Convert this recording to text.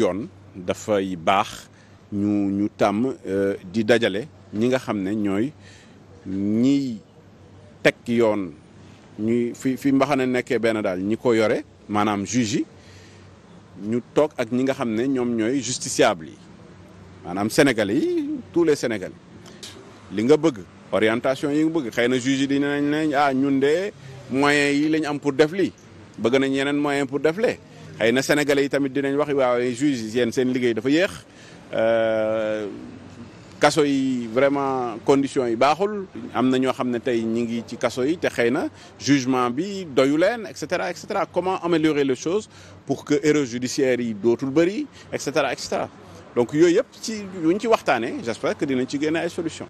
yoon dafay baax ñu ñu tàmm euh, di dajale ñi nga xam ne ñooy ñiy teg yoon ñuy fi fi mbaxana nekkee benn daal ñi ko yore maanaam juge yi ñu toog ak ñi nga xam ne ñoom ñooy justiciable yi maanaam sénégal yi tous les sénégal li nga bëgg orientation yi nga bëgg xëy na juge yi dinañ ne ah ñun de moyens yi lañ am pour def lii bëgg nañ yeneen moyen pour def lee xëy na sénégalais yi tamit dinañ wax waawe juge yéen seen liggéey dafa yéex euh, kaso yi vraiment conditions yi baaxul am na ñoo xam ne tey ñi ngi ci kaso yi te xëy na jugement bi doyu leen et cetera et cetera comment améliorer le chose pour que erreurs judiciaires yi dootul bëri et cetera et cetera donc yooyu yëpp ci yuñ ci waxtaanee j'espère que dinañ ci génne ay solutions.